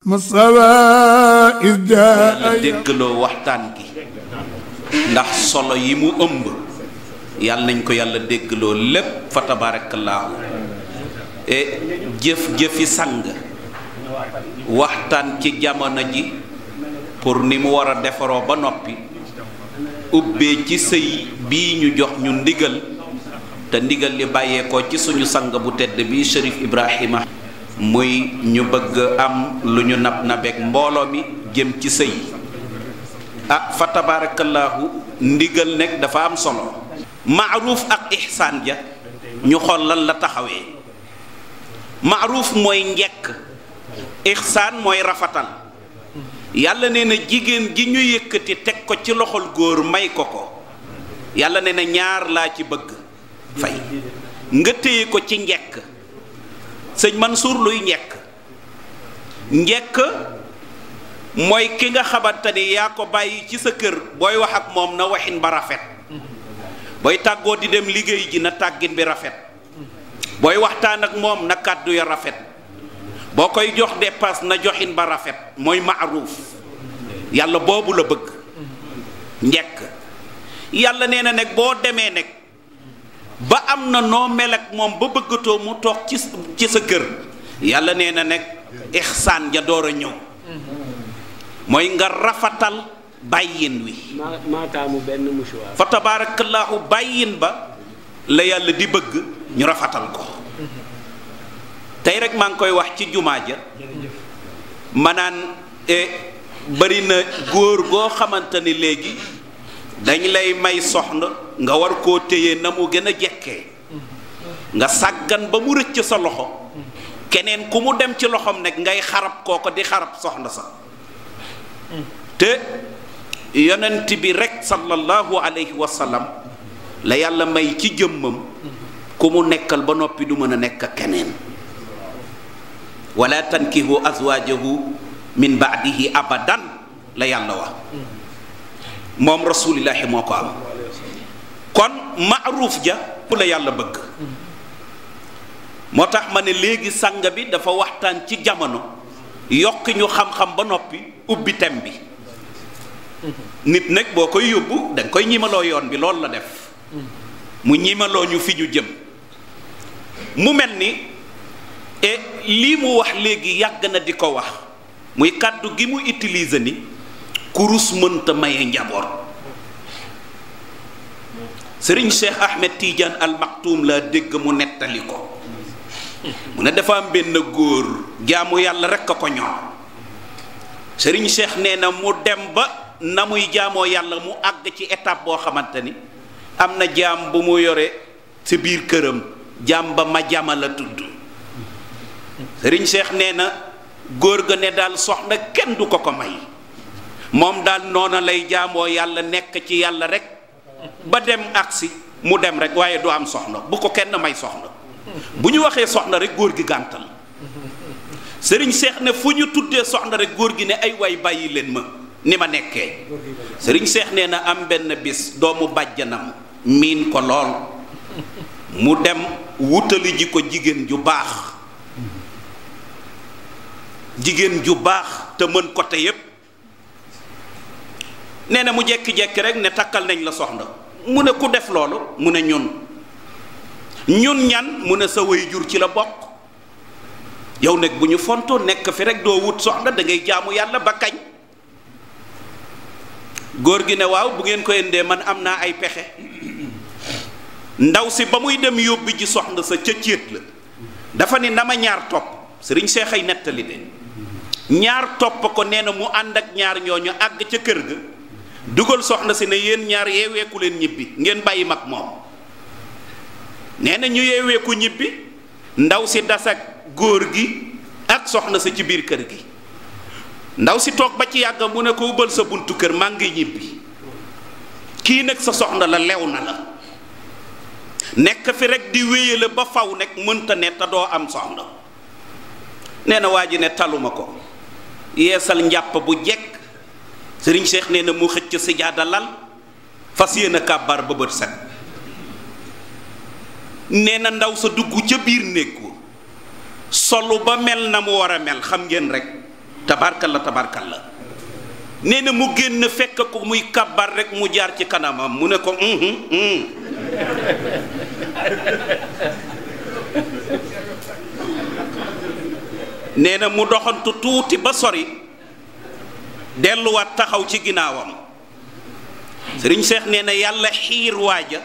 masawa la déggloo waxtaan gi ndax solo yi mu ëmb yàlla nañ ko yàlla déggloo lépp fa tabaarakallaahu e, jëf jëfi sang waxtaan ci jamono ji pour ni mu war a defaroo ba noppi ubbee ci sëy bii ñu jox ñu ndigal te ndigal li bàyyeekoo ci suñu sang bu tedd bi Chérif Ibrahima muy ñu bëgg am lu ñu nab nabeek mbooloo mi jëm ci sëy ah fa tabaarakallaahu ndigal nekk dafa am solo maaruuf ak ihsaan ja ñu xool lan la taxawee maaruuf mooy njekk ihsaan mooy rafatal yàlla nee na jigéen gi ñu yëkkati teg ko ci loxol góor may ko ko yàlla nee na ñaar laa ci bëgg fay nga téye ko ci njekk sëñ suur luy njekk njekk mooy ki nga xamante yaa ko bàyyi ci sa kër booy wax ak moom na waxin ba rafet booy tàggoo di dem liggéey ji na tàggin bi rafet booy waxtaan ak moom na kàddu ya rafet boo koy jox dépasse na joxin ba rafet mooy maaruuf yàlla boobu la bëgg njekk yàlla nee na nekk boo demee nekk ba am na noo mel moom ba bëggatoo mu toog ci sa kër yàlla nee na nekk ixsaan ja door a ñëw mooy nga rafetal bàyyin wi maataamu benn musuwaar fa bàyyin ba la yàlla di bëgg ñu rafetal ko tey rek maa ngi koy wax ci jumaa ja ma naan eh, bari na góor goo xamante ni léegi dañ lay may soxna nga war koo téye na mu gën a jekke nga sàggan ba mu rëcc sa loxo keneen ku mu dem ci loxoom nekk ngay xarab ko di xarab soxna sa te yonent bi rek sallallahu alayhi wa sallam la yàlla may ci jëmmam ku mu nekkal ba noppi du mën a nekk ak keneen wala tankihu azwajahu min baadihi abadan la yàlla wax moom rasulillahi moo ko am kon maaruuf ja ku la yàlla bëgg moo tax ma ne léegi sang bi dafa waxtaan ci jamono yokk ñu xam-xam ba noppi ubbi tem bi nit nag boo koy yóbbu danga koy ñimaloo yoon bi loolu la def mu ñimaloo ñu fi ñu jëm mu mel ni e lii mu wax léegi yàgg na di ko wax muy kàddu gi mu utilise ni kurus mënta maye njaboot sëriñ Cheikh Ahmed Tidiane Al Maktoum laa dégg mu nettali ko mu ne dafa am benn góor jaamu yàlla rekk a ko ñor sëriñ seex nee na mu dem ba na muy jaamoo yàlla mu àgg ci étape boo xamante ni am na jaam bu mu yore ci biir këram jaam ba ma jama la tudd sëriñ seex nee na góor ga ne daal soxna kenn du ko ko may moom daal noona lay jaamoo yàlla nekk ci yàlla rekk ba dem agsi mu dem rek waaye du am soxna bu ko kenn may soxna bu ñu waxee soxna rek góor gi gàntal sëriñ seex ne fu ñu tuddee soxna rek góor gi ne ay waay bàyyi leen ma ni ma nekkee sëriñ seex nee na am benn bis doomu bàjjanam miin ko lool mu dem wutali ji ko jigéen ju baax jigéen ju baax te mën ko te yépp nee na mu jekki-jekki rek ne takkal nañ la soxna mu ne ku def loolu mu ne ñun ñun ñan mu ne sa waajur ci la bokk yow nag bu ñu fontoo nekk fi rek doo wut soxna da jaamu yàlla ba kañ góor gi ne waaw bu ngeen ko indee man am naa ay pexe ndaw si ba muy dem yóbbi ji soxna sa ca céet la dafa ne na ma ñaar topp sëriñ seexay nettali de ñaar topp ko nee na mu ànd ak ñaar ñooñu àgg ca kër ga dugal soxna si ne yéen ñaar yeeweeku leen ñibbi ngeen bàyyi mag moom nee na ñu yeeweeku ñibbi ndaw si dasak góor gi ak soxna si ci biir kër gi ndaw si toog ba ci yàgg mu ne ko ubbal sa buntu kër maa ngi ñibbi kii nag sa soxna la lew na la nekk fi rek di wéyale ba faw nekk mënta ne te doo am soxna nee na waa ji ne taluma ko yeesal njàpp bu jekk sëriñ Cheikh nee na mu xëcc sijaada lal fas yéene kàbbar ba bët set nee na ndaw sa dugg ca biir néeg solu ba mel na mu war a mel xam ngeen rekk tabarkal la tabarkal la nee na mu génn fekk ko muy kàbbar rekk mu jaar ci kanamam mu ne ko nee na mu doxantu tuuti ba sori delluwaat taxaw ci ginnaawam sëriñ seex nee na yàlla xiir waaja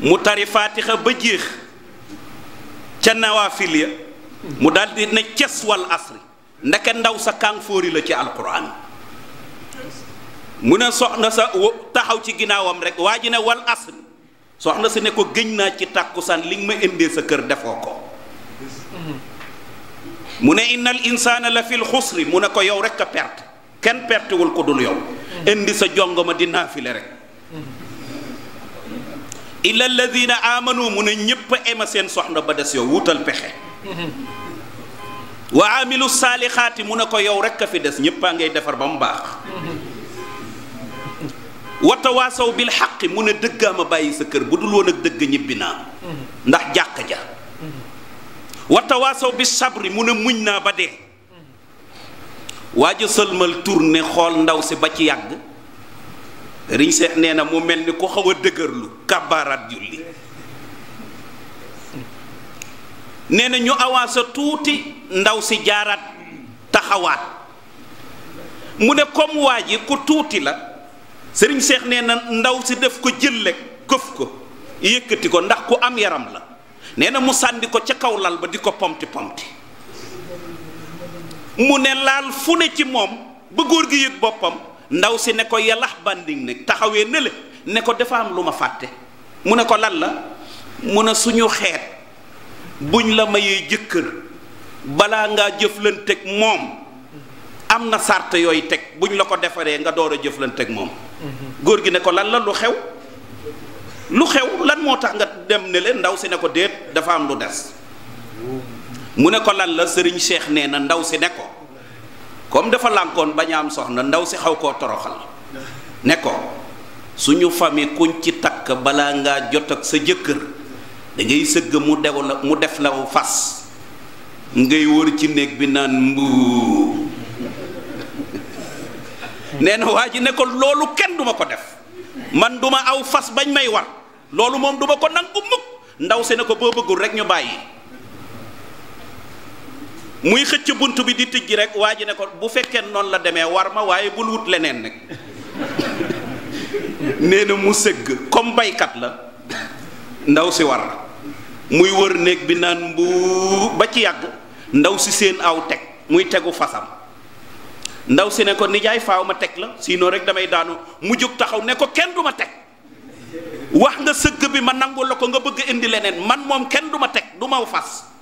mu tari faatixa ba jeex ca nawaafil ya mu daldi na ces wal asri ndeke ndaw sa kànfóori la ci alquran mu ne soxna sa taxaw ci ginnaawam rek waa ji ne wal asri soxna si ne ko gëñ naa ci tàkkusaan li nga ma indee sa kër defoo ko mu ne innal insaana la fil xusri mu ne ko yow rek a perte kenn pertewul ko dul yow indi sa jongoma di naafile rek illa alladina amanu mu ne ñépp a seen soxna ba des yow wutal pexe wa amilu saalixaati mu ne ko yow rek a fi des ñépp a ngay defar ba mu baax watawaasaw bil xaqi mu ne dëggaama bàyyi sa kër bu dul woon ak dëgg ñibbi naa ndax jàq ja watawaasaw bi sabri mu ne muñ naa ba dee waaju sëlmal ne xool ndaw si ba ci yàgg riñ seex nee na mu mel ni ku xaw a dëgërlu kàbbaaraat julli nee na ñu awaasa tuuti ndaw si jaaraat taxawaat mu ne kom waa ji ku tuuti la sëriñ seex nee na ndaw si def ko jël lekk këf ko yëkkati ko ndax ku am yaram la nee na mu sànni ko ca kaw lal ba di ko pomti pomti mu ne laal fu ne ci moom ba góor gi yëg boppam ndaw si ne ko yalax banding ne taxawee ne ne ko dafa am lu ma fàtte mu ne ko lan la mu ne suñu xeet buñ la mayee jëkkër balaa ngaa jëflanteeg moom am na sàrt yooyu teg buñ la ko defaree nga door a jëflanteeg moom góor gi ne ko lan la lu xew lu xew lan moo tax nga dem ne ndaw si ne ko déet dafa am lu des mu ne ko lan la sëriñ Cheikh nee na ndaw si ne ko comme dafa lànkoon bañ a am soxna ndaw si xaw koo toroxal ne ko suñu famille kuñ ci takk balaa ngaa jot ak sa jëkkër da sëgg mu dew la mu def la fas ngay wër ci néeg bi naan mbuu nee na waa ji ne ko loolu kenn duma ko def man duma aw fas bañ may war loolu moom duma ko nangu mukk ndaw si ne ko boo bëggul rek ñu bàyyi muy xëcc bunt bi di tëj rek waa ji ne ko bu fekkee noonu la demee war ma waaye bul wut leneen nag nee na mu sëgg comme baykat la ndaw si war muy wër néeg bi naan mbu ba ci yàgg ndaw si seen aw teg muy tegu fasam ndaw si ne ko nijaay faaw ma teg la sinon rek damay daanu mu jóg taxaw ne ko kenn du ma teg wax nga sëgg bi ma nangu la ko nga bëgg indi leneen man moom kenn du ma teg du ma fas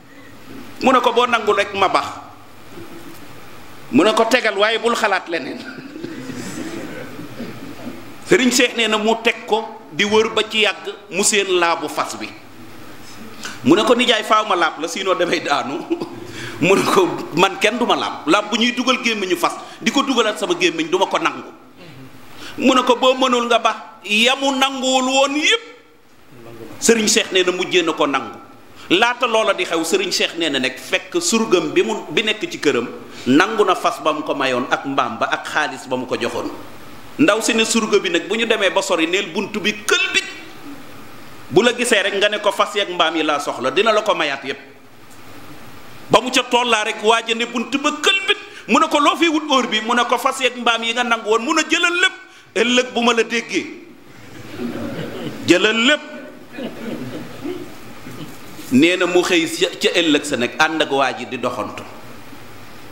mu ne ko boo nangul rek ma baax mu ne ko tegal waaye bul xalaat leneen sëriñ Seex nee na mu teg ko di wër ba ci yàgg mu seen laabu fas bi mu ne ko nijaay faaw ma laab la sinon damay daanu mu ne ko man kenn duma laab laab bu ñuy dugal gémmiñu fas di ko dugalaat sama gémmiñ duma ko nangu mu ne ko boo mënul nga baax yamu nanguwul woon yépp sëriñ Seex nee na mujjee na ko nangu laata loola di xew sëriñ Cheikh nee na nekk fekk surgam bi mu bi nekk ci këram nangu na fas ba mu ko mayoon ak mbaam ba ak xaalis ba mu ko joxoon ndaw si ne surga bi nag bu ñu demee ba sori neel bunt bi kël bu la gisee rek nga ne ko fas yeeg mbaam yi laa soxla dina la ko mayaat yépp ba mu ca tollaa rek waaja ne bunt ba kël mu ne ko loo fi wut óor bi mu ne ko fas yeeg mbaam yi nga nangu woon mun a jëlal lépp ëllëg bu ma la déggee jëlal lépp nee na mu xëy ca ëllëg sa nag ànd ak waa ji di doxantu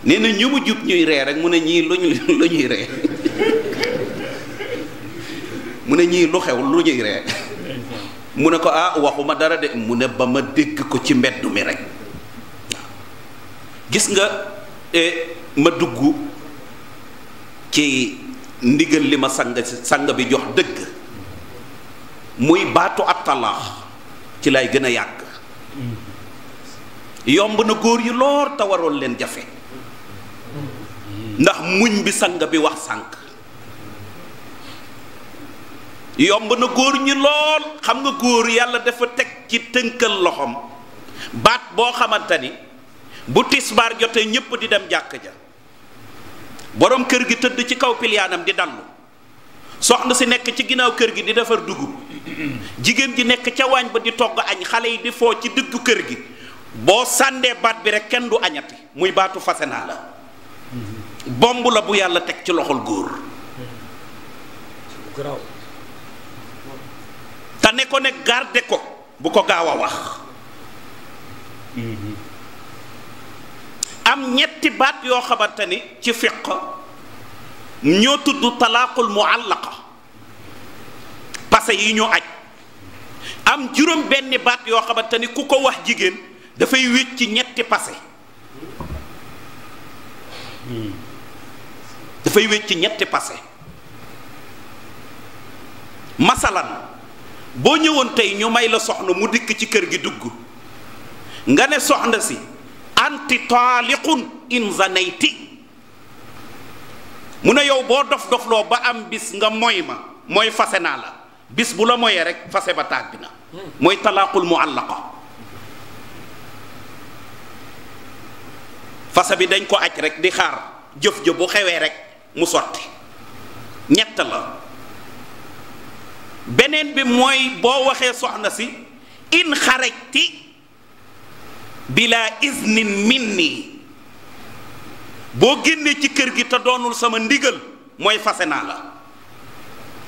nee na ñu mu jub ñuy ree rek mu ne ñii lu ñu ñuy ree mu ne ñii lu xew mu ne ko ah waxuma dara de mu ne ba ma dégg ko ci mbedd mi rek gis nga e, ma dugg ci ndigal li ma sang sang bi jox dëgg muy baatu attalaax ci lay gën a yàgg yomb na góor yi lool te waroon leen jafe ndax muñ bi sang bi wax sànq yomb na góor ñi lool xam nga góor yàlla dafa teg ci tënkal loxoom baat boo xamante ni bu tisbaar jotee ñépp di dem jàkk ja boroom kër gi tëdd ci kaw piliyaanam di dallu soxna si nekk ci ginnaaw kër gi di defar dugub jigéen ji nekk ca waañ ba di togg añ xale yi di foo ci diggu kër gi boo sàndee baat bi rek kenn du añati muy baatu fase naa la bomb la bu yàlla teg ci loxol góor te ne ko ne garde ko bu ko gaaw a wax mm-hmm. am ñetti baat yoo xamante ni ci fiq ñoo tudd mu muallaqa pase yi ñu aj am juróom benn baat yoo xamante ni ku ko wax jigéen dafay wécc ñetti pase dafay wécc ñetti pase masalan boo ñëwoon tey ñu may la soxna mu dikk ci kër gi dugg nga ne soxna si anti taaliqun in zanati mu ne yow boo dof dofloo ba am bis nga mooy ma mooy fase naa la bis bu la moyee rek fase ba tàgg na mooy talaaqul mu àllaqa fase bi dañ ko aj rek di xaar jëf jëf bu xewee rek mu sotti ñett la beneen bi mooy boo waxee soxna si in xarajti bila iznin minni boo génnee ci kër gi te doonul sama ndigal mooy fase naa la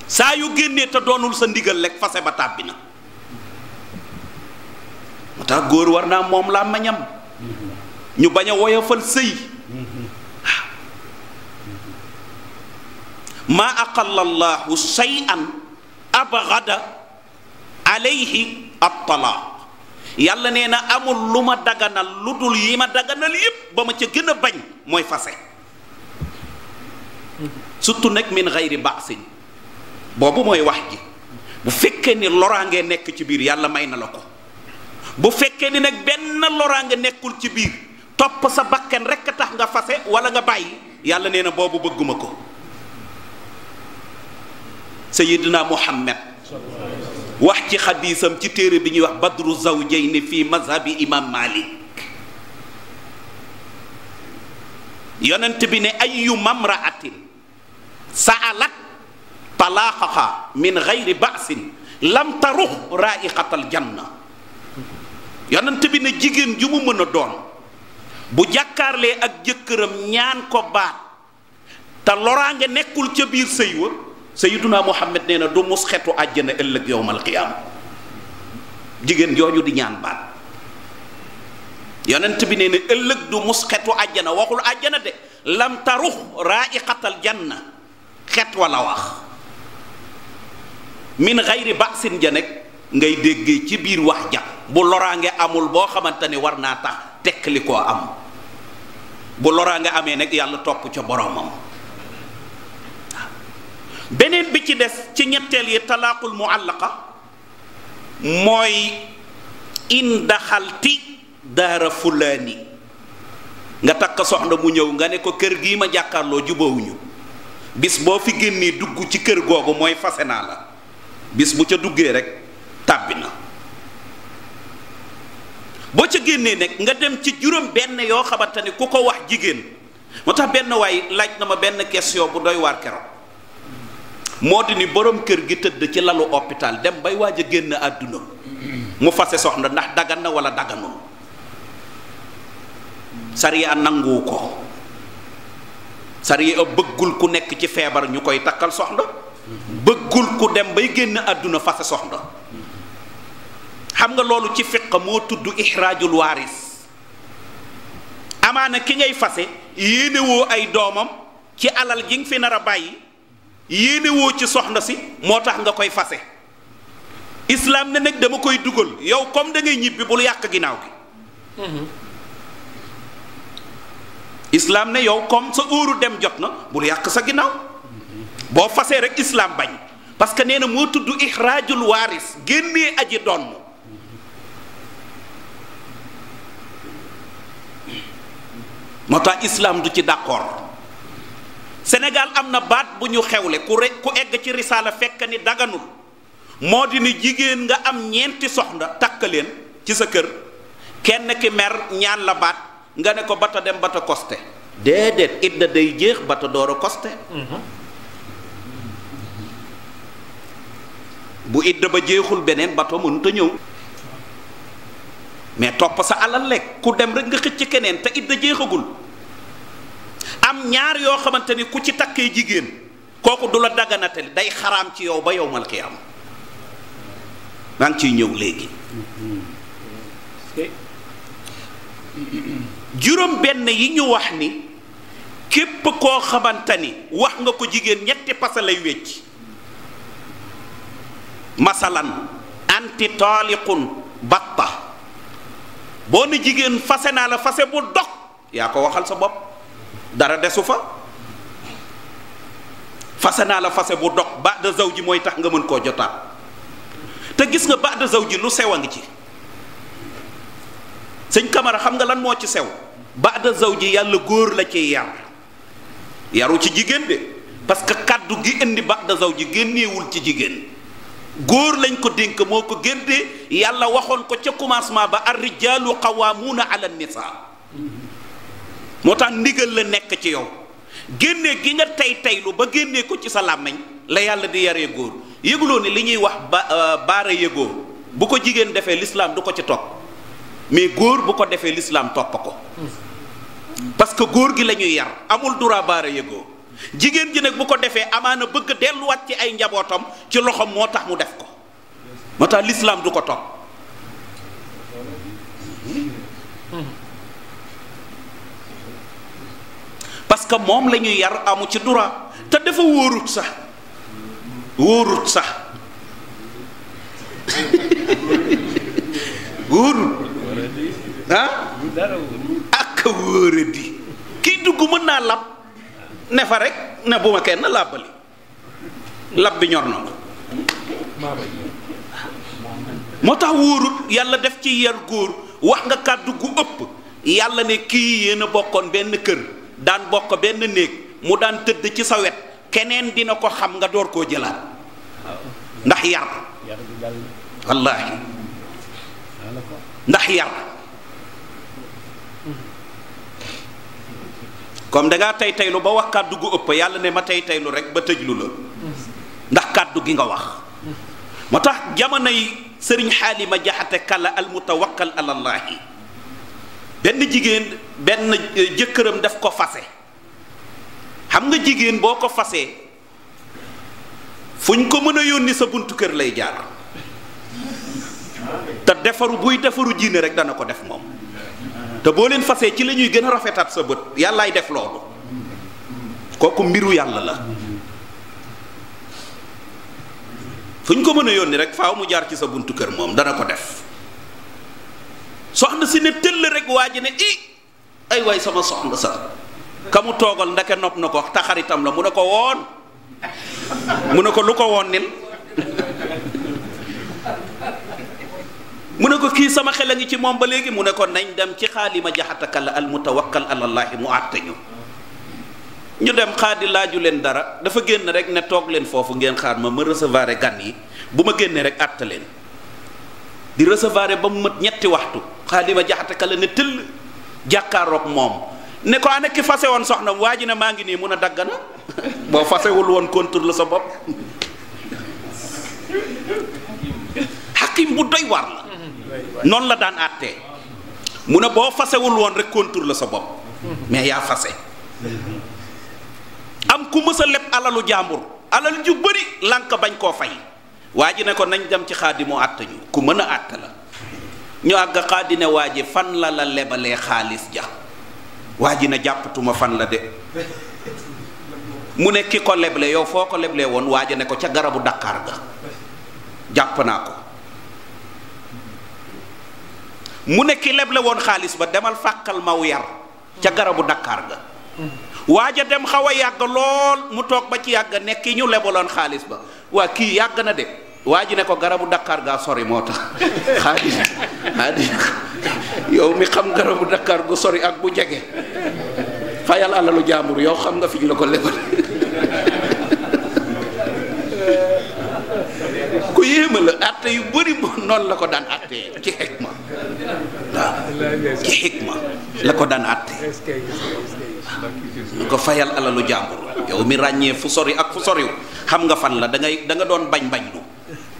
saa yu génnee te doonul sa ndigal lekk fase ba tàbbi na moo tax góor war naa moom laa mañam ñu bañ a woyofal sëy maa aqalla llahu shay'an abghada alayhi at-talaq yàlla nee na amul lu ma daganal lu dul yi ma daganal yépp ba ma ca gën a bañ mooy fase surtout nag min xayri baasin boobu mooy wax ji bu fekkee ni loraange nekk ci biir yàlla may na la ko bu fekkee ni nag benn loraange nekkul ci biir topp sa bakken rekk a tax nga fase wala nga bàyyi yàlla nee na boobu bëgguma ko sayidina muhammad wax ci xadiisam ci téere bi ñuy wax badru zawjayni fii mazhabi imam malik yonent bi ne ayu mamraatin saalat talaaxaha min gayri basin lam tarux raaiqatal janna yonent bi ne jigéen ju mu mën doon bu jàkkaarlee ak jëkkëram ñaan ko baat te loraange nekkul ca biir sëy wa sayyiduna Muhammad nee na du mus xetu àjjana ëllëg yowmal qiyaam jigéen jooju di ñaan baat yonent bi nee na ëllëg du mus xetu àjjana waxul àjjana de lam xatal jan na xet walla wax min xayri ba'sin ja nekk ngay déggee ci biir wax ja bu loraange amul boo xamante ni war naa tax tekk li koo am bu loraange amee nag yàlla topp ca boromam beneen bi ci des ci ñetteel yi mu muallaqa mooy in daxalti daara fulaani nga takk soxna mu ñëw nga ne ko kër gii ma jàkkaarloo jubawuñu bis boo fi génnee dugg ci kër googu mooy fase naa la bis bu ca duggee rek tàbbi na boo ca génnee nekk nga dem ci juróom benn yoo xamante ne ku ko wax jigéen moo tax benn waay laaj na ma benn question bu doy waar keroog moo di ni borom kër gi tëdd ci lalu hôpital dem bay waaj a génn àdduna mu fase soxna ndax dagan na wala daganul sariya nanguwu ko sariya bëggul ku nekk ci feebar ñu koy takkal soxna bëggul ku dem bay génn àdduna fase soxna xam nga loolu ci fiq moo tudd ixraajul waaris amaana ki ngay fase yéenewoo ay doomam ci alal ji nga fi nar a bàyyi yéene ci soxna si moo tax nga koy fase islaam ne nag dama koy dugal yow comme dangay ngay ñibbi bul yàq ginnaaw gi islaam ne yow comme sa óoru dem jot na bul yàq sa ginnaaw boo fasee rek islaam bañ parce que nee na moo tudd ixraajul waaris génnee aji donn moo tax islaam du ci d'accord Sénégal am na baat bu ñu xewle ku re ku egg ci risaala fekk ni daganul moo di ne jigéen nga am ñeenti soxna takk leen ci sa kër kenn ki mer ñaan la baat nga ne ko bata dem bata koste déedéet idda day jeex bata door a koste bu idda ba jeexul beneen bato mënut a ñëw mais topp sa alal lekk ku dem rek nga xëcc keneen te idda jeexagul am ñaar yoo xamante ni ku ci takkee jigéen kooku du la daganatali day xaram ci yow ba yow mal xiyaam maa ngi ciy ñëw léegi juróom benn yi ñu wax ni képp koo xamante ni wax nga ko jigéen ñetti pasa lay wecc masalan anti taaliqun batta boo ne jigéen fase naa la fase bu dog yaa ko waxal sa bopp dara desu fa fase naa la fase bu dox ba de zaw ji mooy tax nga mën koo jotaat te gis nga ba de ji lu sew a ngi ci sëñ Camara xam nga lan moo ci sew ba de ji yàlla góor la ci yar yaru ci jigéen de parce que kàddu gi indi ba ji génnewul ci jigéen góor lañ ko dénk moo ko génde yàlla waxoon ko ca commencement ba ar rijaalu qawaamuuna ala nisaa moo tax ndigal la nekk ci yow génne gi nga tey teylu ba génnee ko ci sa làmmiñ la yàlla di yaree góor yëguloo ni li ñuy wax ba euh, baara yëgoo bu ko jigéen defee lislaam du ko ci topp mais góor bu ko defee lislaam topp ko parce que góor gi la ñuy yar amul dura baara yëgoo jigéen ji nag bu ko defee amaana bëgg delluwaat ci ay njabootam ci loxoom moo tax mu def ko moo tax lislaam du ko topp parce moom la yar amu ci droit te dafa wóorut sax wóorut sax wóorut ah ak wóora kii dugg mën naa lab ne fa rek ne bu ma kenn làbbali lab bi ñor na ko moo tax wóorut yàlla def ci yar góor wax nga kàddu ku ëpp yàlla ne kii yenn a bokkoon benn kër daan bokk benn néeg mu daan tëdd ci sa wet keneen dina ko xam nga door koo jëlaat ndax yar wallaahi ndax yar comme dangaa tey teylu ba wax kàddu gu ëpp yàlla ne ma tey teylu rek ba tëjlu la ndax kàddu gi nga wax moo tax jamonoy sëriñ xaalima jaxate kala almutawakkal alallaahi benn jigéen benn euh, jëkkëram daf ko fase xam nga jigéen boo ko fasee fu ñu ko mën a yónni sa buntu kër lay jaar te defaru buy defaru jiine rek dana ko def moom te boo leen fasee ci la ñuy gën a rafetaat sa bët yàllaay def loolu kooku mbiru yàlla la fu ñu ko mën a yónni rek faaw mu jaar ci sa buntu kër moom dana ko def soxna si ne tëll rek waa ji ne i ay waay sama soxna sa ka mu toogal ndake nopp na ko taxaritam la mu ne ko woon mu ne ko lu ko woon nil mu ne ko kii sama xel a ngi ci moom ba léegi mu ne ko nañ dem ci xaalima jaxataka la al mutawakkal alallaahi mu àtte ñu ñu dem xaadi laaju leen dara dafa génn rek ne toog leen foofu ngeen xaar ma ma recevoir gan yi bu ma génnee rek àtte leen di resevoir ba mu mët ñetti waxtu xaalima jaxate kala ne tëll jàkkaaroog moom ne ko ana ki fase woon soxna waa ji ne maa ngi nii mun a dagg na boo fasewul woon contrôle sa bopp xakim bu doy la daan àttee mu ne boo fasewul woon rek contrôle sa bopp mais yaa fase am ku mës a leb alalu jàmbur alal ju bëri lànk bañ koo fay waa ji ne ko nañ dem ci xaadi mu àtt ñu ku mën a àtt la ñu àgg xaadi ne waa ji fan la la lebalee xaalis ja waa ji ne jàppatuma fan la de mu ne ki ko leble yow foo ko leblee woon waa ji ne ko ca garabu Dakar ga jàpp naa ko mu ne ki leble woon xaalis ba demal fàqal maw yar ca garabu dakaar ga waaja dem xaw a yàgg lool mu toog ba ci yàgg ne ki ñu lebaloon xaalis ba waa kii yàgg na de waa ji ne ko garabu Dakar gaa sori moo tax xaadim xaadim yow mi xam garabu Dakar gu sori ak bu jege fayal alalu jaambur yow xam nga fi la ko lebal ku yéema àtte yu bari noonu la ko daan àttee ci xikma ci xikma la ko daan àttee du ko fayal alalu jàmbur yow mi ràññee fu sori ak fu soriw xam nga fan la dangay danga doon bañ bañ lu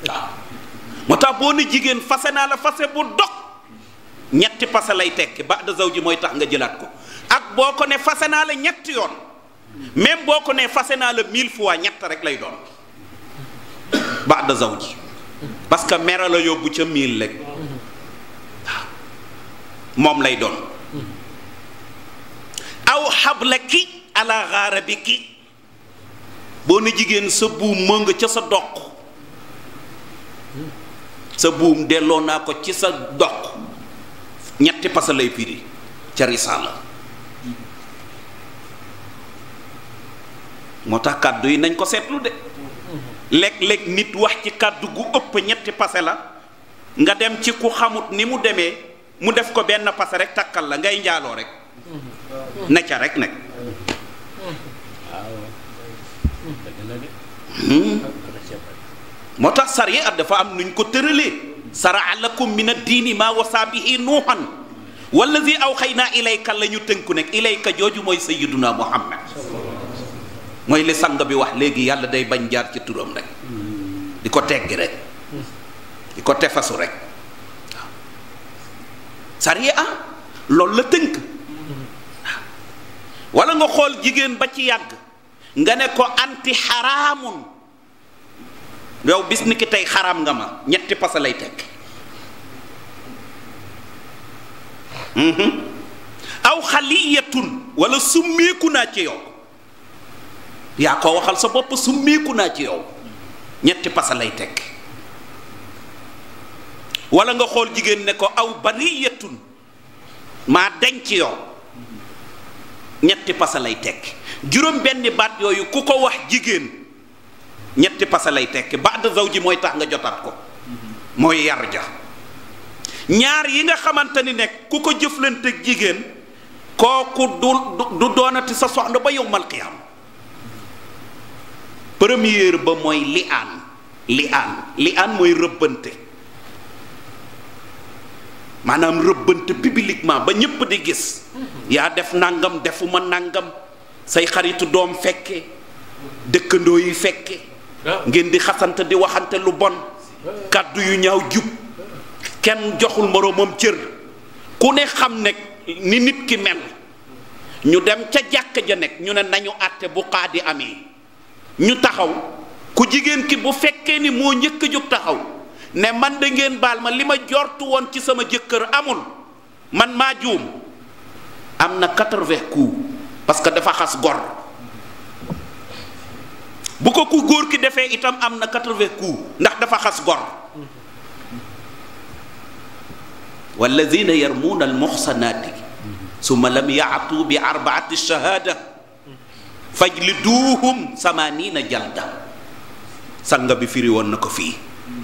waaw moo tax boo ni jigéen fase naa la fase bu dog ñetti fase lay tekki ba da zaw ji mooy tax nga jëlaat ko ak boo ko ne fase ñetti yoon même boo ko ne fase naa la fois ñett rek lay doon ba da ji parce que mera la yóbbu ca moom lay doon aw xablaki ala xaarabiki boo ne jigéen sa buum moo nga ca sa doq sa buum delloo naa ko ci sa doq ñetti pasa lay firi ca risaala moo tax kàddu yi nañ ko seetlu de léeg-léeg nit wax ci kàddu gu ëpp ñetti pase la nga dem ci ku xamut ni mu demee mu def ko benn pase rek takkal la ngay njaaloo rekk na ca rek nag moo tax sariya dafa am nuñ ko tëralee saraa lakum min addiini maa wasaa bihi nuuhan wallazi awxaynaa ilayka la ñu tënku nekk ilayka jooju mooy sayyiduna muhammad mooy li sang bi wax léegi yàlla day bañ jaar ci turam rek di ko teggi rek di ko tefasu rek waaw sariya loolu la tënk wala nga xool jigéen ba ci yàgg nga ne ko anti xaraamun yow bis ni ki tey xaram nga ma ñetti pasa lay tekk mhm. aw xaliyatun walla summeeku naa ci yow yaa ko waxal sa bopp summeeku naa ci yow ñetti pasa lay tekk wala nga xool jigéen ne ko aw bariyatun maa denc yow ñetti pasa lay tekki juróom benni baat yooyu ku ko wax jigéen ñetti pasa lay tekki saw ji mooy tax nga jotaat ko mooy yar ja ñaar yi nga xamante ni nekk ku ko jëflanteeg jigéen kooku du doonati sa soxna ba yowmal qiyaam première ba mooy li aan li aan mooy rëbbante maanaam rëbbante publiquement ba ñépp di gis yaa def nangam defuma nangam say xaritu doom fekke dëkkandoo yi fekke ah. ngeen di xasante di waxante lu bon kàddu yu ñaw jub kenn joxul moroomam cër ku ne xam ne ni nit ki mel ñu dem ca jàkk ja nekk ñu ne nañu àtte bu xaadi amee ñu taxaw ku jigéen ki bu fekkee ni moo njëkk a jóg taxaw ne man da ngeen baal ma li ma jortu woon ci sama jëkkër amul man maa juum am na quatre-vingts coups parce que dafa xas gor bu ko ku góor ki defee itam am na quatre-vingts coups ndax dafa xas gor walladina yarmuuna almuxsanaati summa lam yaatu bi arbaati shahaada fajliduuhum samaaniina jalda sanga bi firi woon na ko fii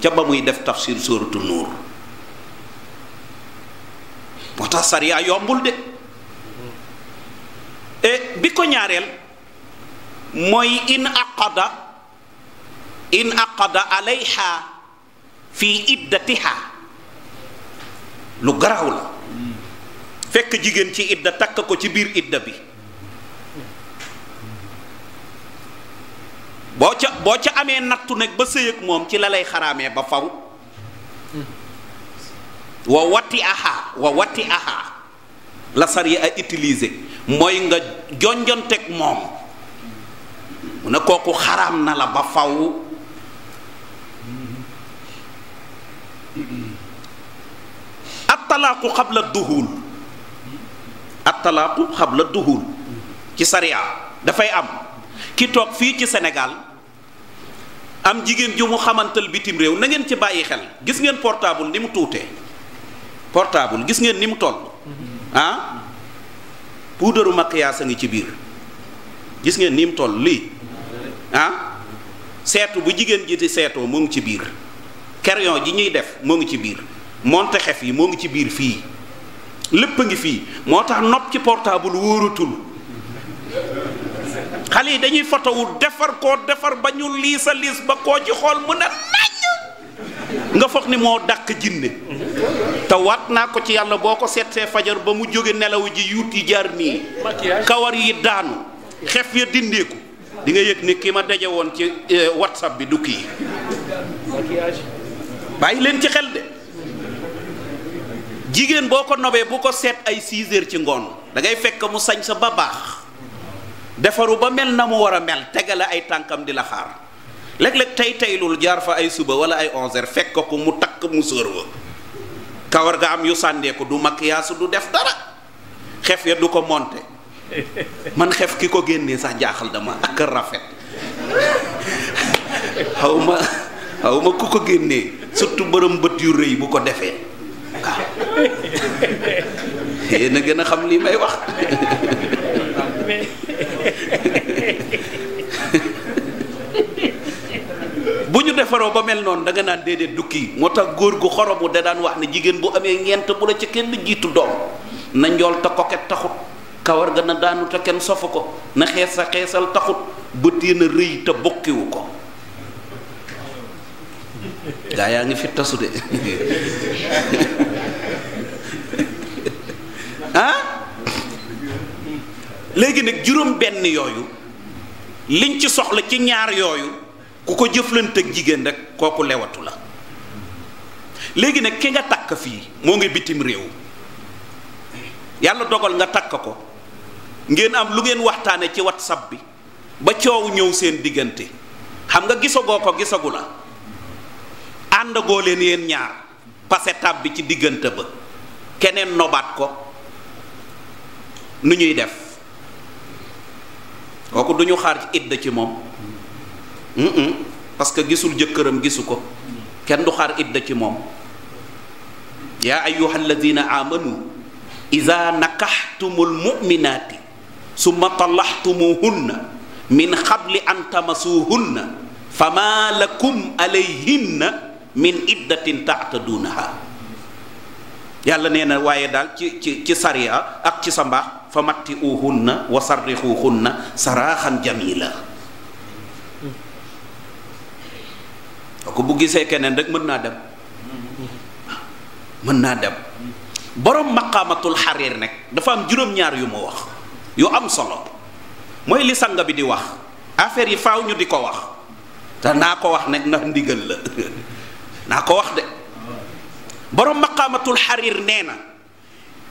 ca ba muy def tafsir suuratu nuur moo sariya yombul de Eh, bi ko ñaareel mooy in aqada in aqada alayha fi iddatiha lu garaaw la fekk jigéen ci idda takk ko ci biir idda bi boo ca boo ca amee nattu nag ba sëy ak moom ci la lay xaraamee ba faw wa wati aha wa wati aha la sariya ay utilise mooy nga jonjonteeg moom mu ne kooku xaraam na la ba faw attalaaku xabla duhul xab la duhul ci sariya dafay am ki toog fii ci Sénégal am jigéen ju mu xamantal bitim réew na ngeen ci bàyyi xel gis ngeen portable ni mu tuutee portaabul gis ngeen ni mu toll ah puudaru maqiyaas a ngi ci biir gis ngeen ni mu toll lii ah seetu bu jigéen ji di seetoo moo ngi ci biir crayon ji ñuy def moo ngi ci biir monte xef yi moo ngi ci biir fii lépp a ngi fii moo tax nopp ci portable wóoratul xale yi dañuy fotowu defar koo defar ba ñu liisa liis ba koo ci xool mu ne naaj nga foog ni moo dàq jinne te waat naa ko ci yàlla boo ko seetee fajar ba mu jóge nelaw ji yuuti jaar nii kawar yi daanu xef ya dindeeku di nga yëg ni ki ma daje woon ci eh, whatsapp bi du kii bàyyi leen ci xel de jigéen boo ko nobee bu ko seet ay 6 ci ngoon da ngay fekk mu sañ sa ba baax defaru ba mel na mu war a mel tegale ay tànkam di la xaar léeg-léeg tey teylul jaar fa ay suba wala ay onze heures fekk ko mu takk mu sóor wa kawar ga am yu sàndee ko du maquillage du def dara xef ya du ko monte man xef ki ko génnee sax jaaxal dama ak rafet xaw ma xaw ma ku ko génnee surtout borom bët yu rëy bu ko defee waaw yéen a gën a xam lii may wax defaroo ba mel noonu danga nga naan déedéet du kii moo tax góor gu xoromu da daan wax na jigéen bu amee ñeent bu la ci kenn jiitu doom na njool te koket taxut kawar ga na daanu kenn sofu ko na xees a xeesal taxut bët yi na rëy te bokkiwu ko gaa yaa ngi fi tasu de ah léegi nag juróom benn yooyu liñ ci soxla ci ñaar yooyu ku ko jëflante ak jigéen rek kooku lewatu la léegi nag ki nga takk fii moo ngi bitim réew yàlla dogal nga takk ko ngeen am lu ngeen waxtaane ci wat sab bi ba coow ñëw seen diggante xam nga gisagoo ko gisagu la àndagoo leen yéen ñaar passé tab bi ci diggante ba keneen nobaat ko nu ñuy def kooku du ñu xaar ci idda ci moom parce que gisul jëkkëram gisu ko kenn du xaar idda ci moom yaa ayuha alladina amanu ida nakaxtumu almuminaati summa talaxtumuhunna min xable an tamasuhunna fama lakum alayhinna min iddatin taataduunaha yàlla nee na waaye daal ci ci ak ci sa mbaax fa matti uhunna wa sarrixuhunna saraaxan jamila kooku bu gisee keneen rek mën naa dem mën naa dem boroom maqaamatul xariir nag dafa am juróom-ñaar yu mu wax yu am solo mooy li sanga bi di wax affaire yi faaw ñu di ko wax te naa ko wax nag ndax ndigal la naa ko wax de boroom maqaamatul xariir nee na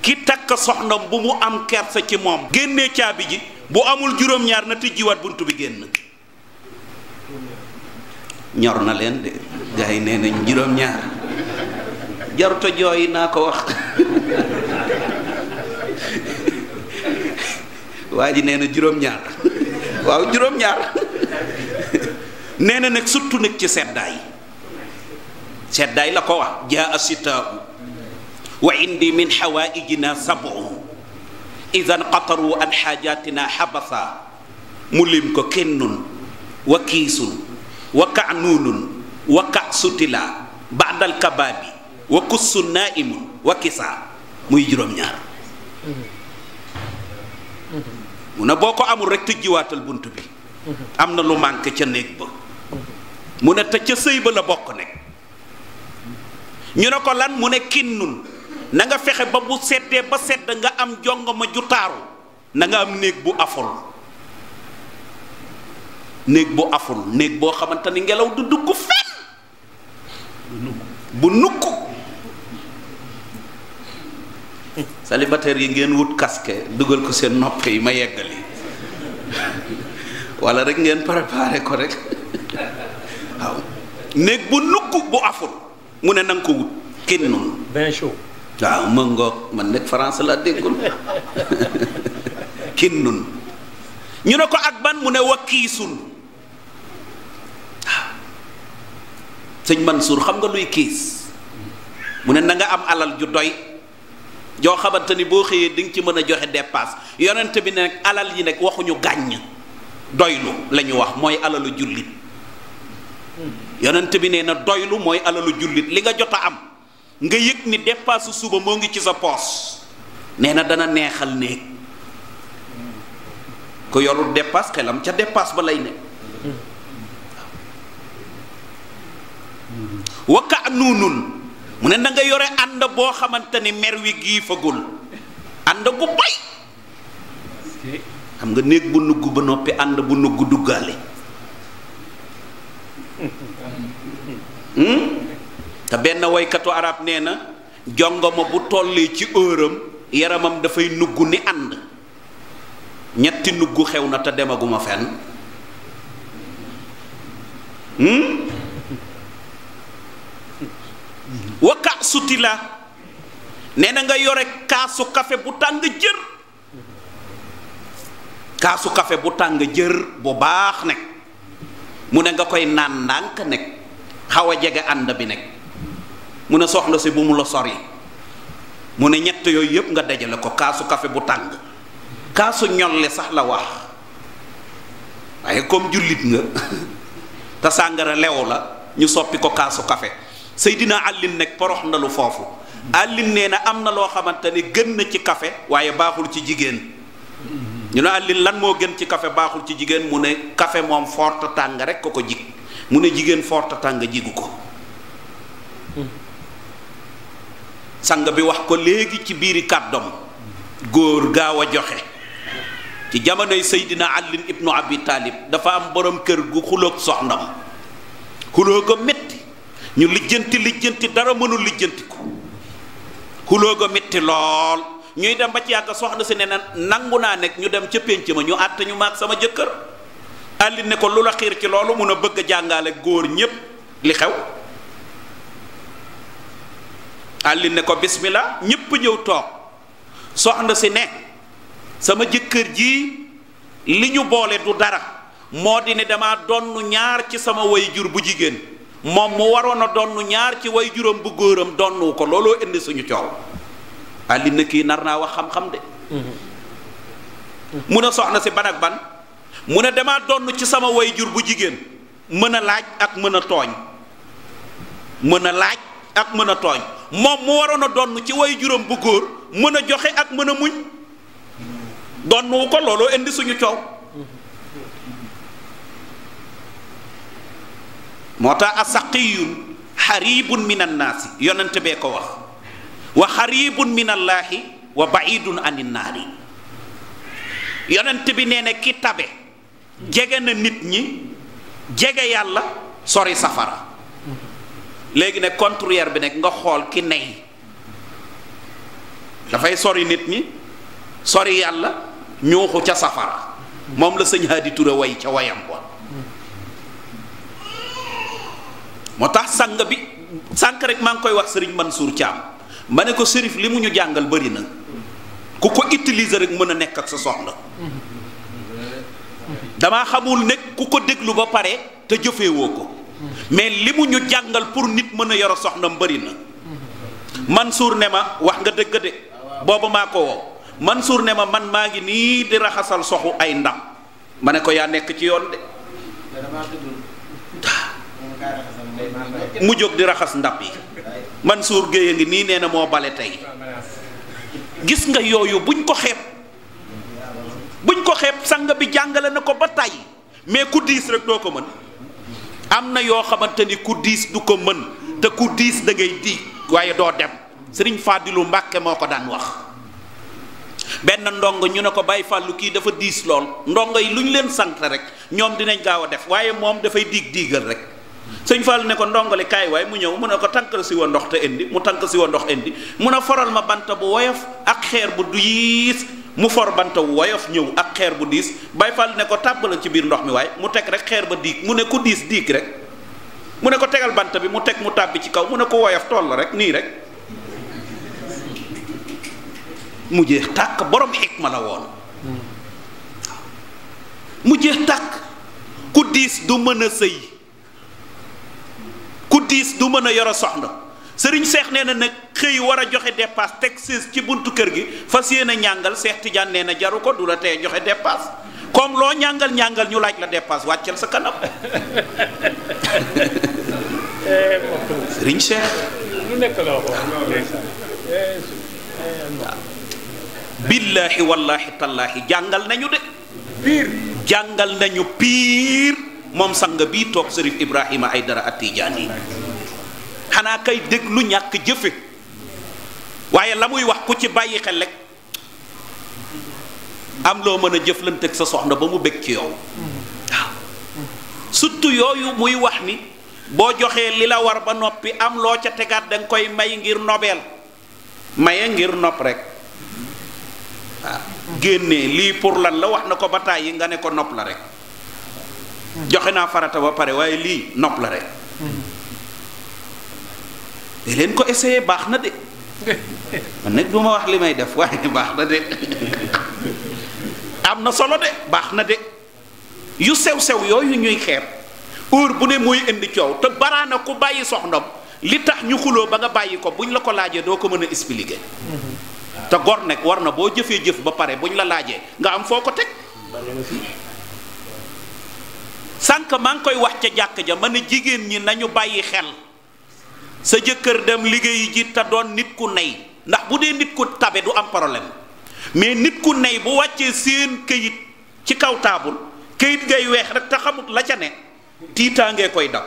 ki takk soxnam bu mu am kersa ci moom génnee caabi ji bu amul juróom-ñaar na tijjiwaat bunt bi génn ñor na leen de gars yi nee nañ juróom-ñaar jarto jooy naa ko wax waa ji nee na juróom-ñaar waaw juróom-ñaar nee na nag surtout nag ci seddaay seddaay la ko wax jaa asitaau wa indi min xawaijina sabu idan qataru an xaajatina xabasa mu lim ko kennun wa kiisun waqa nuulun waqa sutila baadal kabaabi wa kussu naaimun wa kisaa muy juróom-ñaar mu ne boo ko amul rek tëjjiwaatal bunt bi am na lu manqué ca néeg ba mu ne te ca sëy ba la bokk nekk ñu ne ko lan mu ne kinnun na nga fexe ba bu seddee ba sedd nga am jongoma ju taaru na am néeg bu aful néeg bu aful néeg boo xamante ni ngelaw du dugg fenn bu nukk célibataire yi ngeen wut kaske dugal ko seen nopp yi ma yeggali wala rek ngeen préparé ko rek waaw néeg bu nukk bu aful mu ne nanga ko wut kenn noonu bien chaud waaw ma ngoog man nekk France la déggul kenn noonu ñu ne ko ak ban mu ne wakkiisun sëñ Mansour xam nga luy kiis mu ne na nga am alal ju doy joo xamante ni boo xëyee di nga ci mën a joxe dépasse yonent bi ne nag alal yi nag waxuñu gàññ doylu la wax mooy alalu jullit yonent bi ne na doylu mooy alalu jullit li nga jot a am nga yëg ni dépasse suba moo ngi ci sa poos nee na dana neexal néeg ku yorul dépasse xelam ca dépasse ba lay ne wakka nuunul mu ne da nga yore ànd boo xamante ni mer wi ànd bu bay xam nga néeg bu nugg ba noppi ànd bu nugg duggaale hmm? te benn woykatu arab nee na jongama bu tollee ci ëram yaramam dafay nugg ni ànd ñetti nugg xew na te demaguma fenn hmm? suti la nee na nga yore kaasu kafe bu tàng jër kaasu kafe bu tàng jër bu baax nekk mu ne nga koy naan ndànk nekk xaw a jege ànd bi nekk mu ne soxna si bu mu la sori mu ne ñett yooyu yépp nga dajale ko kaasu kafe bu tàng kaasu ñolle sax la wax waaye comme jullit nga te sàngara lew la ñu soppi ko kaasu kafe Seydina àllin nekk porox ndalu foofu Alioune nee na am na loo xamante ne gën na ci kafe waaye baaxul ci jigéen ñu ne Alioune lan moo gën ci kafe baaxul ci jigéen mu ne kafe moom forte tàng rek ko ko jig mu ne jigéen forte tàng jigu ko sang bi wax ko léegi ci biiri kàddoom góor gaaw a joxe ci jamonoy Seydina Alioune ibnu Abi dafa am borom kër gu xuloog soxndam xuloo ko ñu lijjanti lijjanti dara mënul lijjanti ko xuloo ga lool ñuy dem ba ci yàgg soxna si ne na nangu naa nekk ñu dem ca pénc ma ñu àtte ñu maag sama jëkkër àlli ne ko lu la xiir ci loolu mun a bëgg a jàngale góor ñépp li xew àlline ko bismillah ñépp jëw toog soxna si ne sama jëkkër ji li ñu boole du dara moo di ne dama donn ñaar ci sama woy jur bu jigéen moom mu waroon a donn ñaar ci way juróom bu góoram donnu ko looloo indi suñu coow ali kii nar naa wax xam-xam de mm-hmm. mun a soxna si banak ban mu ne damaa donn ci sama way jur bu jigéen mën a laaj ak mën a tooñ mën a laaj ak mën a tooñ moom mu waroon a donn ci wayu juróom bu góor mën a joxe ak mën a muñ donnu ko looloo indi suñu coow moo tax asaqiyun xaribun min annaasi yonent bee ko wax wa xaribun min allaahi wa baidun anin naari yonent bi nee na ki tabe jege na nit ñi jege yàlla sori safara léegi ne contraire bi nekk nga xool ki ney dafay sori nit ñi sori yàlla ñuuxu ca safara moom la sëñ Hadi Touré way ca wayam wa moo tax sang bi sànq rek maa ngi koy wax sëriñ man Mansour Thiam ma ne ko sërif li mu ñu jàngal bari na ku ko utiliser rek mën a nekk ak sa soxna dama xamul ne ku ko déglu ba pare te jëfeewoo ko mais li mu ñu jàngal pour nit mën a yor mu bëri na man suur ne ma wax nga dëgg de booba maa ko woo suur ne ma man maa ngi nii di raxasal soxu ay ndax ma ne ko yaa nekk ci yoon de mu jóg di raxas ndab yi Mansour Guèye a ngi nii nee na moo bale tey gis nga yooyu buñ ko xeeb buñ ko xeeb sang bi jàngale na ko ba tàyyi mais ku diis rek doo ko mën am na yoo xamante ni ku diis du ko mën te ku diis da ngay di waaye doo dem sëriñ Fadilu Mbàkke moo ko daan wax benn ndongo ñu ne ko Baay Fàllu kii dafa diis lool ndongo yi lu ñu leen sant rek ñoom dinañ gaaw a def waaye moom dafay diig diigal rek sëñ Fall ne ko ndongole waaye mu ñëw mu a ko tànkal si wa ndox te indi mu tànk si wa ndox indi mu ne foral ma banta bu woyof ak xeer bu diis mu for bant bu woyof ñëw ak xeer bu diis bay Fall ne ko tàbbala ci biir ndox mi waaye mu teg rek xeer ba diig mu ne ku diis diig rek mu ne ko tegal bant bi mu teg mu tàbbi ci kaw mu ne ko woyof toll rek nii rek mu jeex tàkk borom ikma la woon mu jeex tàkk ku diis du mën a sëy tiis du mën a yor a soxna sëriñ seex nee na nag xëy war a joxe dépasse teg siis ci buntu kër gi fas yéene ñàngal seex tijaan nee na jaru ko du la teye joxe dépasse comme loo ñàngal ñàngal ñu laaj la dépasse wàccal sa kanam sëriñ seex billaahi wallaahi tallaahi jàngal nañu de piir jàngal nañu piir moom sang bii toog sërif Ibrahima dara at yi xanaa kay lu ñàkk jëfe waaye la muy wax ku ci bàyyi xelek am loo mën a jëflanteeg sa soxna ba mu bëgg ci yow waaw yooyu muy wax ni boo joxee li la war ba noppi am loo ca tegaat danga koy may ngir nobeel maye ngir nopp rek waaw génnee lii pour lan la wax na ko ba tàyyi nga ne ko nopp la rek joxe naa farata ba pare waaye lii nopp la rek da leen ko essayé baax na de man nag du ma wax li may def waaye baax na de am na solo de baax na de yu sew sew yooyu ñuy xeeb heure bu ne mooy indi coow te baraana ku bàyyi soxndom li tax ñu xuloo ba nga bàyyi ko buñ la ko laajee doo ko mën a expliquer mm-hmm. te gor nekk war na boo jëfee jëf ba pare buñ la laajee nga am foo ko teg sànq maa ngi koy wax ca jàkk ja ma ne jigéen ñi nañu bàyyi xel sa jëkkër dem liggéeyi ji te doon nit ku ney ndax bu dee nit ku tabe du am problème mais nit ku ney bu wàccee seen këyit ci kaw taabul këyit ngay weex rek te xamut la ca ne tiitaangee koy dab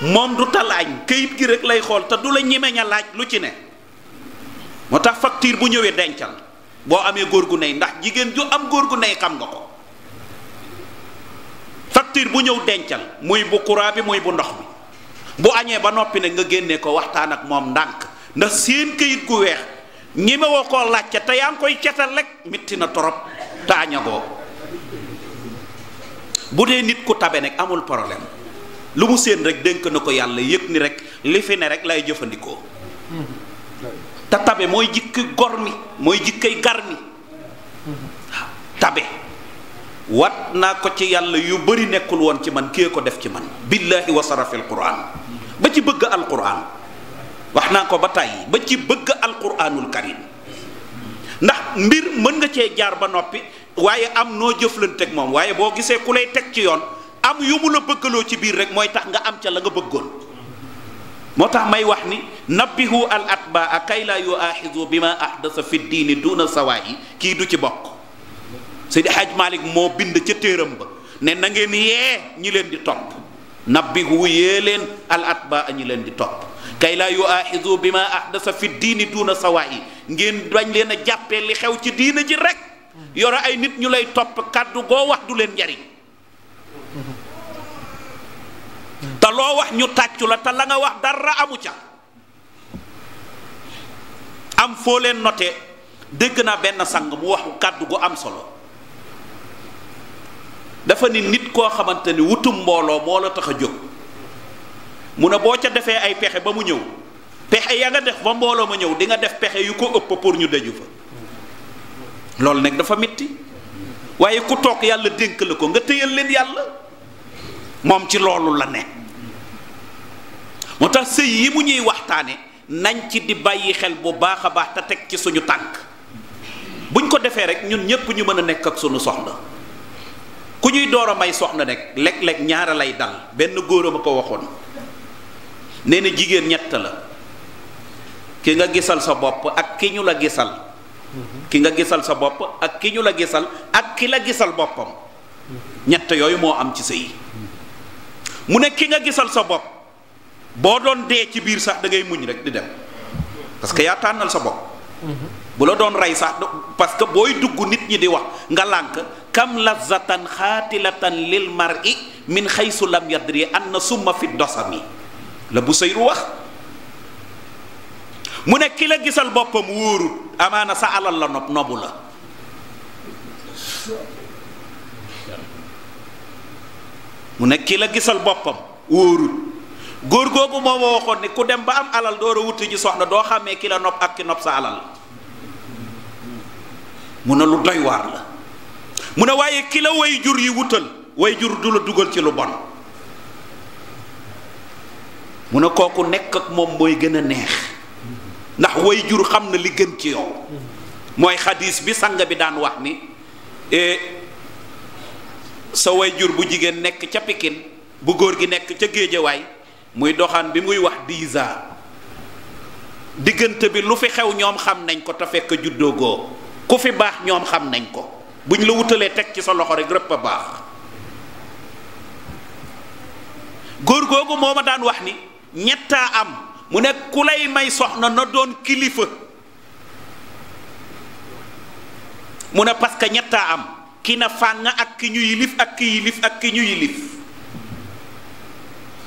moom du talaañ këyit gi rek lay xool te du la ñemeñ a laaj lu ci ne moo tax facture bu ñëwee dencal boo amee góor gu ney ndax jigéen ju am góor gu ney xam nga ko facture bu ñëw dencal muy bu courant bi muy bu ndox bi bu añee ba noppi nag nga génnee ko waxtaan ak moom ndànk ndax seen këyit ku weex ñi ma woo koo laajte te yaa ngi koy cetal rek mitti na torop te añagoo bu dee nit ku tabe nag amul problème lu mu séen rek dënk na ko yàlla yëg ni rek li ne rek lay jëfandikoo te tabe mooy jikki gor mi mooy jikkay gar mi tabe wat naa ko ci yàlla yu bari nekkul woon ci man kee ko def ci man billaahi wa sarafil quraan ba ci bëgg alquraan wax naa ko ba tàyyi ba ci bëgg alquraanul karim ndax mbir mën nga cee jaar ba noppi waaye am noo jëflanteeg moom waaye boo gisee ku lay teg ci yoon am yu mu la bëggaloo ci biir rek mooy tax nga am ca la nga bëggoon moo tax may wax ni nabbihu al atbaa kay laa yuaaxidu bi ma ahdasa fi diini duna sawaayi kii du ci bokk Seydi Hadj Malick moo bind ca téeram ba ne na ngeen yee ñi leen di topp nabbihu yee leen al ba ñi leen di topp kay laa yu axisu bi ma ahdasa fi diini duuna sawaayi ngeen bañ leen a jàppee li xew ci diina ji rek yoro ay nit ñu lay topp kàddu goo wax du leen njariñ te loo wax ñu tàccu la te la nga wax dara amu ca am foo leen noté dégg naa benn sang mu wax kàddu gu am solo dafa ne nit koo xamante ni wutum mbooloo moo la tax a jóg mu ne boo ca defee ay pexe ba mu ñëw pexe ya nga def ba mbooloo ma ñëw di nga def pexe yu ko ëpp pour ñu daju fa loolu nag dafa metti waaye ku toog yàlla dénk la ko nga tëyal leen yàlla moom ci loolu la ne moo tax sëy yi mu ñuy waxtaane nañ ci di bàyyi xel bu baax a baax te teg ci suñu tànk buñ ko defee rek ñun ñépp ñu mën a nekk ak sunu soxna ku ñuy door a may soxna nekk lekk léeg ñaara lay dal benn góor a ko waxoon nee na jigéen ñett la ki nga gisal sa bopp ak ki ñu la gisal ki nga gisal sa bopp ak ki la gisal ak ki la gisal boppam ñett yooyu moo am ci sëy mu ne ki nga gisal sa bopp boo doon dee ci biir sax dangay muñ rek di dem parce que yaa tànnal sa bopp mm-hmm. bu la doon rey sax parce que booy dugg nit ñi di wax nga lànk kam lazatan xaatilatan lil mar'i min xaysu lam yadri na summa fit dosami la bu sëyru wax mu ne ki gisal boppam wóorut amaana sa alal la nob nobu la mu ne la gisal boppam wóorut góor googu moo waxoon ni ku dem ba am alal door a wuti ji soxna doo xàmmee ki nopp ak ki nopp sa alal mu ne lu doy waar la mu ne waaye kilo la way jur yi wutal way jur du la dugal ci lu bon mu ne kooku nekk ak moom mooy gën a neex ndax way jur xam na li gën ci yow mooy xadis bi sang bi daan wax ni e, sa way jur bu jigéen nekk ca pikin bu góor gi nekk ca géejawaay muy doxaan bi muy wax diisa diggante bi lu fi xew ñoom xam nañ ko te fekk juddoo goo ku fi baax ñoom xam nañ ko buñ la wutalee teg ci sa loxo rek rëpp a baax góor googu moo ma daan wax ni ñettaa am mu ne ku lay may soxna na doon kilifa mu ne parce que ñettaa am ki na fàng ak ki ñu yilif ak ki yilif ak ki ñu yilif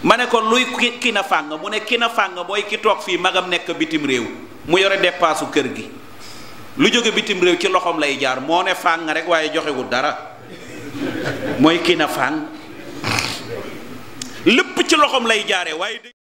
ma ne ko luy ki na fàng mu ne ki na fàng mooy ki toog fii magam nekk bitim réew mu yore dépaasu kër gi lu jóge bitim réew ci loxoom lay jaar moo ne fàng rek waaye joxewul dara mooy kii na fàng lépp ci loxoom lay jaare waaye